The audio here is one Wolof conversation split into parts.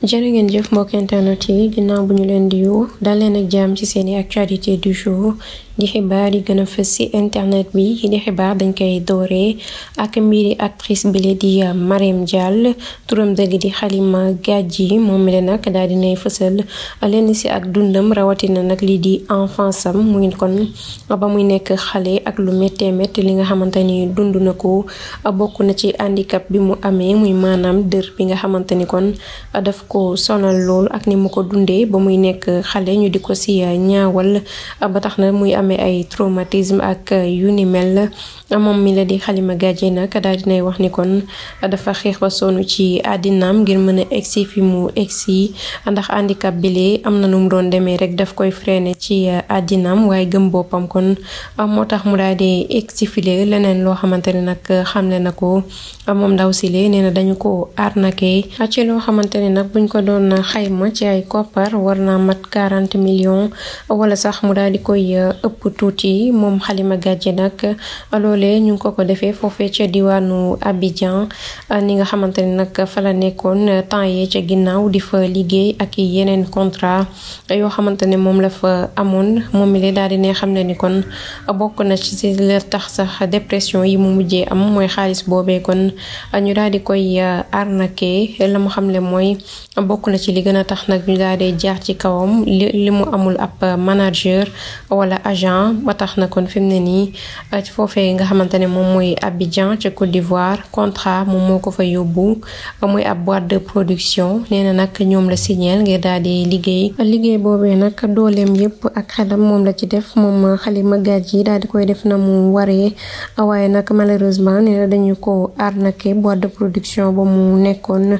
jërë ngeen jëf mbokk internet yi ginnaaw bu ñu leen di yu dal leen ak jàmm ci seeni actualité du jour di xibaar yi gën a fës ci internet bi di xibaar dañ koy dooree ak mbiri actrice bile di euh, Marème Dial turam dëgg di Halima Gadji moom mi la nag daal dinay fësal lenn si ak dundam rawatina nag lii di enfance am mu ngi kon ba muy nekk xale ak lu méttee métti li nga xamante ni dund na ko bokk na ci handicap bi mu amee muy maanaam dër bi nga xamante ni kon daf ko sonal lool ak ni mu ko dundee ba muy nekk xale ñu di ko si ñaawal ba tax na muy amee ay traumatisme ak yu ni mel moom mi la di Halima Gadji nag daal wax ni kon dafa xeex ba sonn ci addinaam ngir mën a egsi fi mu egsi ndax handicap bile am na nu mu doon demee rek daf koy freiné ci addinaam waaye gëm boppam kon moo tax mu daal di egsi file leneen loo xamante ne nag xamle na ko moom ndaw si lee nee dañu ko arnaqué ci loo xamante nag. buñ ko doon xayma ci ay koppar war naa mat 40 millions wala sax mu daal di koy euh, ëpp tuuti moom Halima Gadji nag loolee ñu ngi ko ko defee foofee ca diwaanu Abidjan ni nga xamante ne nag fa la nekkoon temps yee ca ginnaaw di fa liggéey ak yeneen contrat yoo xamante ne moom la fa amoon moom mi la daal di ne xam ne ni kon bokk na ci si la tax sax dépression yi mu mujjee am mooy xaalis boobee kon ñu daal di koy euh, arnaqué la mu xam xamle mooy bokk na ci li gën a tax nag ñu daal di jaar ci kawam li li mu amul ab manager wala agent ba tax na kon fi mu ne nii euh, ci foofee nga xamante ne moom mooy Abidjan ca Côte d'Ivoire contrat moom moo ko fa yóbbu euh, muy ab boîte de production nee nag ñoom la signeel ngir daal di liggéey liggéey boobee nag dooleem yépp ak xelam moom la ci def moom Halima Gadji daal di koy def na mu waree waaye nag malheureusement nee na dañu ko arnaqué boîte de production ba mu nekkoon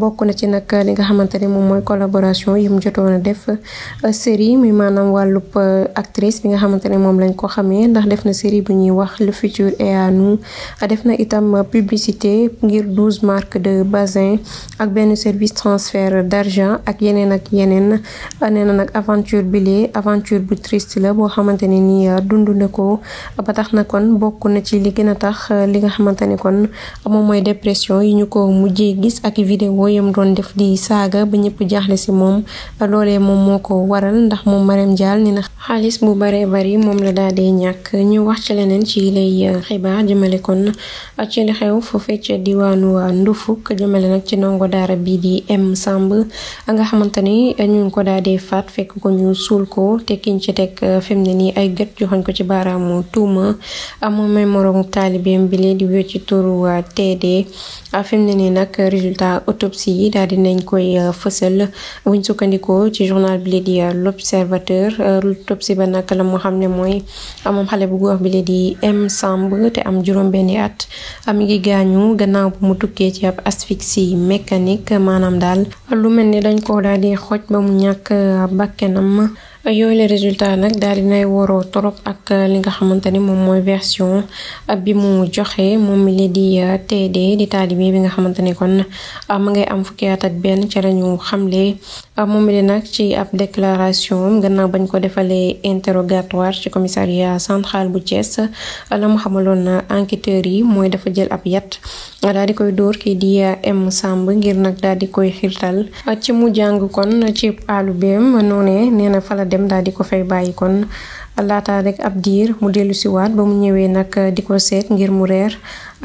bokk ci nag li nga xamante ne moom mooy collaboration yi mu jotoon a def euh, série muy maanaam wàllub euh, actrice bi nga xamante ne moom lañ ko xamee ndax def na série bu ñuy wax le futur est à nous def na itam publicité ngir douze marques de basin ak benn service transfert d'argent ak yeneen ak yeneen euh, nee na nag aventure bi lee aventure bu triste la boo xamante ne nii dund na ko ba tax na kon bokk na ci li gën tax li nga xamante ne kon moom mooy dépression yi ñu ko mujjee di saaga ba ñëpp jaaxle ci moom loolee moom moo ko waral ndax moom Marème Dial nee na xaalis bu baree bari moom la daal di ñàkk ñu wax ci leneen ci lay euh, xibaar jëmale kon ci li xew foofee ca diwaanu euh, Ndufuk jëmale nag ci ndongo daara bii di M Samb nga xamante ni ñu ko daal di faat fekk ko ñu suul ko te kiñ ci teg euh, fi ne nii ay gët joxoñ ko ci baaraamu tuuma moom may moroomu taalibeem bi lee di wécc turu TD fi mu ne nii nag résultat autopsie daal di lañ koy euh, fësal buñ sukkandikoo ci journal bi di euh, l'observateur euh, lu topp si ba nag la moo xam ne mooy moom xale bu góor bi di M Samb te am juróom-benni at am ngi gaañu gannaaw bu mu tukkee ci ab asphyxie mécanique maanaam daal lu mel dañ ko daal di xoj ba mu ñàkk bakkenam yooyu les résultat nag daal dinay waroo trop ak uh, li nga xamante ni moom mooy version uh, bi mu joxee moom mi li di uh, TD di taalibe bi nga xamante ni kon ma ngay am fukki at ak benn ca lañu xamle moom mi li nag ci ab déclaration gannaaw bañ ko defalee interrogatoire ci commissariat central bu Thiès la mu xamaloon enquêteurs yi mooy dafa jël ab yat daal di koy dóor kii di M Samb ngir nag daal di koy xiirtal ci mu jàng kon ci àllu beem noonee nee dem daal di ko fay bàyyi kon laata rek ab diir mu dellu si waat ba mu ñëwee nag di ko seet ngir mu reer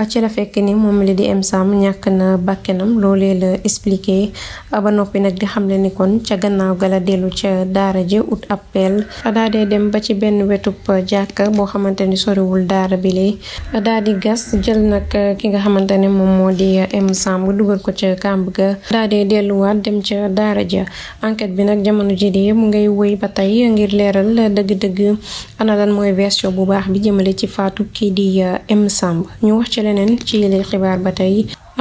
ci la fekk ni moom la di M Sam ñàkk na bàkkenam loolee la expliqué ba noppi nag di xamle ni kon ca gannaaw gala dellu ca daara ja ut appel daa dee dem ba ci benn wetub jàkka boo xamante ni soriwul daara bi lee daa di gas jël nag ki nga xamante ne moom moo di M Sam dugal ko ca kàmb ga daa dee delluwaat dem ca daara ja enquête bi nag jamono ji de mu ngay wéy ba tey ngir leeral dëgg itam ana lan mooy version bu baax bi jëmale ci faatu kii di euh, M sàmb ñu wax ci leneen ci yële xibaar ba tey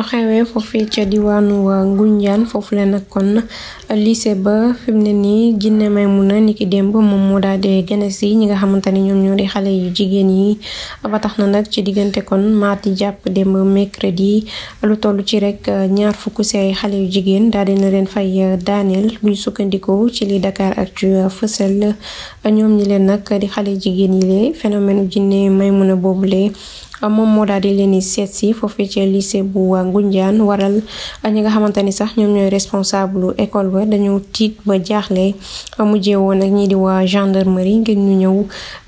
xewee foofee ca diwaanu waa Ngunjaan foofu leen nag kon lycée ba fi mu ne nii Jinne mun ni ki démb moom moo daal di gane si ñi nga xamante ne ñoom ñoo di xale yu jigéen yi ba tax na nag ci diggante kon mardi jàpp démb mercredi lu toll ci rek ñaar fukk si ay xale yu jigéen daal dina leen fay euh, daaneel buñ sukkandikoo ci li Dakar ak ju euh, fësal euh, ñoom ñi leen nag di xale yu jigéen yi lee phénomène Jinne boobu boobule Ah, moom moo daal di leen di seet si foofee ci lycée bu Ngoundiane waral ah, ñi nga xamante ni sax ñoom ñooy responsable école ba dañoo tiit ba jaaxle a ah, mujjee woon ak ñii di waa gendarmerie ngir ñu ñëw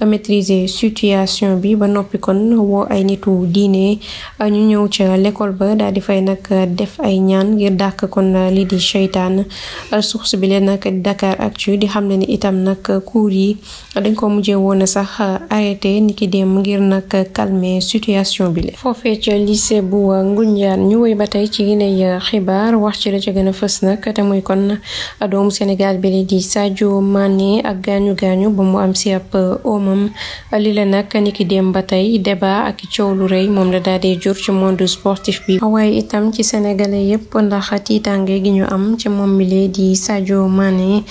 maîtriser situation bi ba noppi kon woo ay nitu diine ñu ñëw ca l'école ba daal di fay nag def ay ñaan ngir dàq kon lii di seytaan source bi leen nag Dakar Actu di xam ne ni itam nag cours yi dañ ko mujjee woon sax arrêté niki dem ngir nag calmer. situation bi le foofee ca lycée bu uh, Ngoundiane ñu woy ba tey ci a uh, xibaar wax ci la ca gën a fës nag te muy kon uh, doomu Sénégal bi di Sadio Mané ak gaañu gaañu ba mu am si ab omam li la nag niki dem ba tey débat ak coow lu rëy moom la daal di jur ci monde sportif bi waaye itam ci sénégalais yépp ndax tiitaange gi ñu am ci moom di Sadio Mané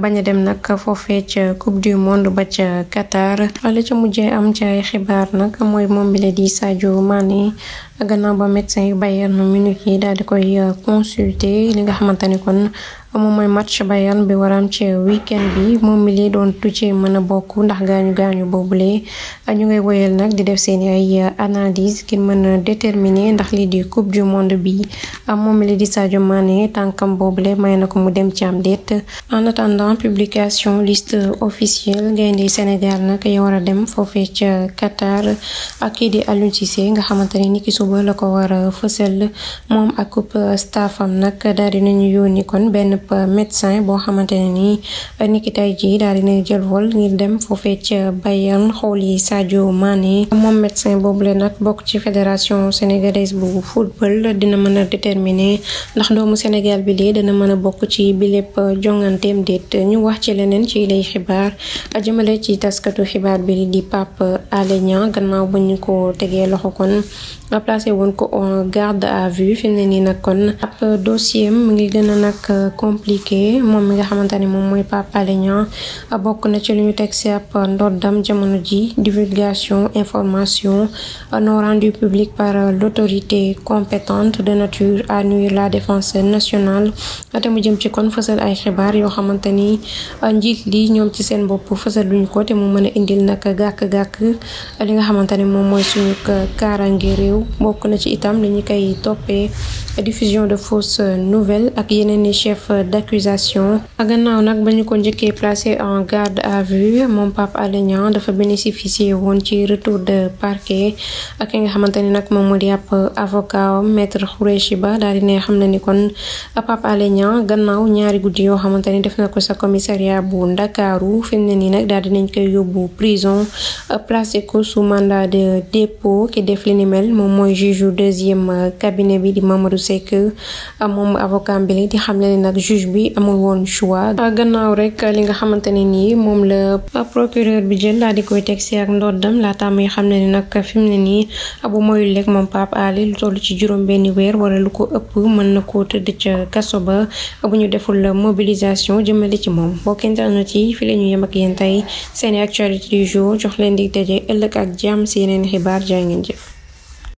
bañ a dem nag foofee ca coupe du monde ba ca Qatar la ca mujjee am ci ay xibaar nag mooy moom di Sadio Mané gannaaw ba médecin yu Bayern Munich yi daal di koy euh, consulter li nga xamante ni kon amu mooy match Bayern bi waram ci weekend bi moom mi lee doon tuccee mën a bokk ndax gaañu gaañu boobule ñu ngay woyal nag di def seen ay euh, analyse ngir mën a déterminer ndax lii di coupe du monde bi moom mi lee di Sadio Mané tànkam boobule may na ko mu dem ci am déet en attendant publication liste officielle gaynde Sénégal nag ya war a dem foofee ca Qatar ak kii di Aliou Cissé nga xamante ni niki suba la ko war a moom ak coupe staffam nag daal dinañu yónni kon benn ab médecin boo xamante ne nii niki tey jii daal dina jël vol ngir dem foofee ca Bayern xool yi Sadio Mané moom médecin boobule nag bokk ci fédération sénégalaise bu football dina mën a déterminer ndax doomu Sénégal bi lee dana mën a bokk ci bilépp jonganteem déet ñu wax ci leneen ci lay xibaar jëmale ci taskatu xibaar bi di Pape Alé Niang gannaaw ba ñu ko tegee loxo kon placé woon ko garde à vue fi ne nii nag kon ab dossier mu ngi nag compliqué moom mi nga xamante ne moom mooy Pape Alé Niang bokk na ci lu ñu teg ci ab ndoddam jamono ji divulgation information no rendue publique par l'autorité compétente de nature à nuire la défense nationale te mu jëm ci kon fësal ay xibaar yoo xamante ni njiit li ñoom ci seen bopp fësal luñu ko te mu mën a indil nag gàkk-gàkk li nga xamante ne moom mooy suñu kaarange réew bokk na ci itam li ñu koy toppee diffusion de fausses nouvelles ak yeneen chef d'accusation gannaaw nag ba ñu ko njëkkee placé en garde à vue moom Pape Alé Niang dafa bénéficier woon ci retour de parquet ak ki nga xamante ni nag moom moo di ab avocat maître Khoureyssi Ba daal di ne xam na ni kon a Alé Niang gannaaw ñaari guddi yoo xamante ni def na ko sa commissariat bu Ndakaaru fi mu ne nii nag daal di nañ koy yóbbu prison placé ko sous mandat de dépôt ki def li ni mel moom mooy juge deuxième cabinet bi di Mamadou Seck moom avocat bi di juge bi amul woon choix gannaaw rek li nga xamante ne nii moom la procureur bi jël laa di koy teg si ak ndoddam laata muy xam ne ni nag fi mu ne nii bu moyul rek moom Pape Alé lu toll ci juróom benn weer wala lu ko ëpp mën na ko tëdd ca kaso ba bu ñu deful mobilisation jëmale ci moom mbokk internet yi fi la ñu yem ak yéen tey seen actualité du jour jox leen di daje ëllëg ak jàmm si yeneen xibaar jaa jëf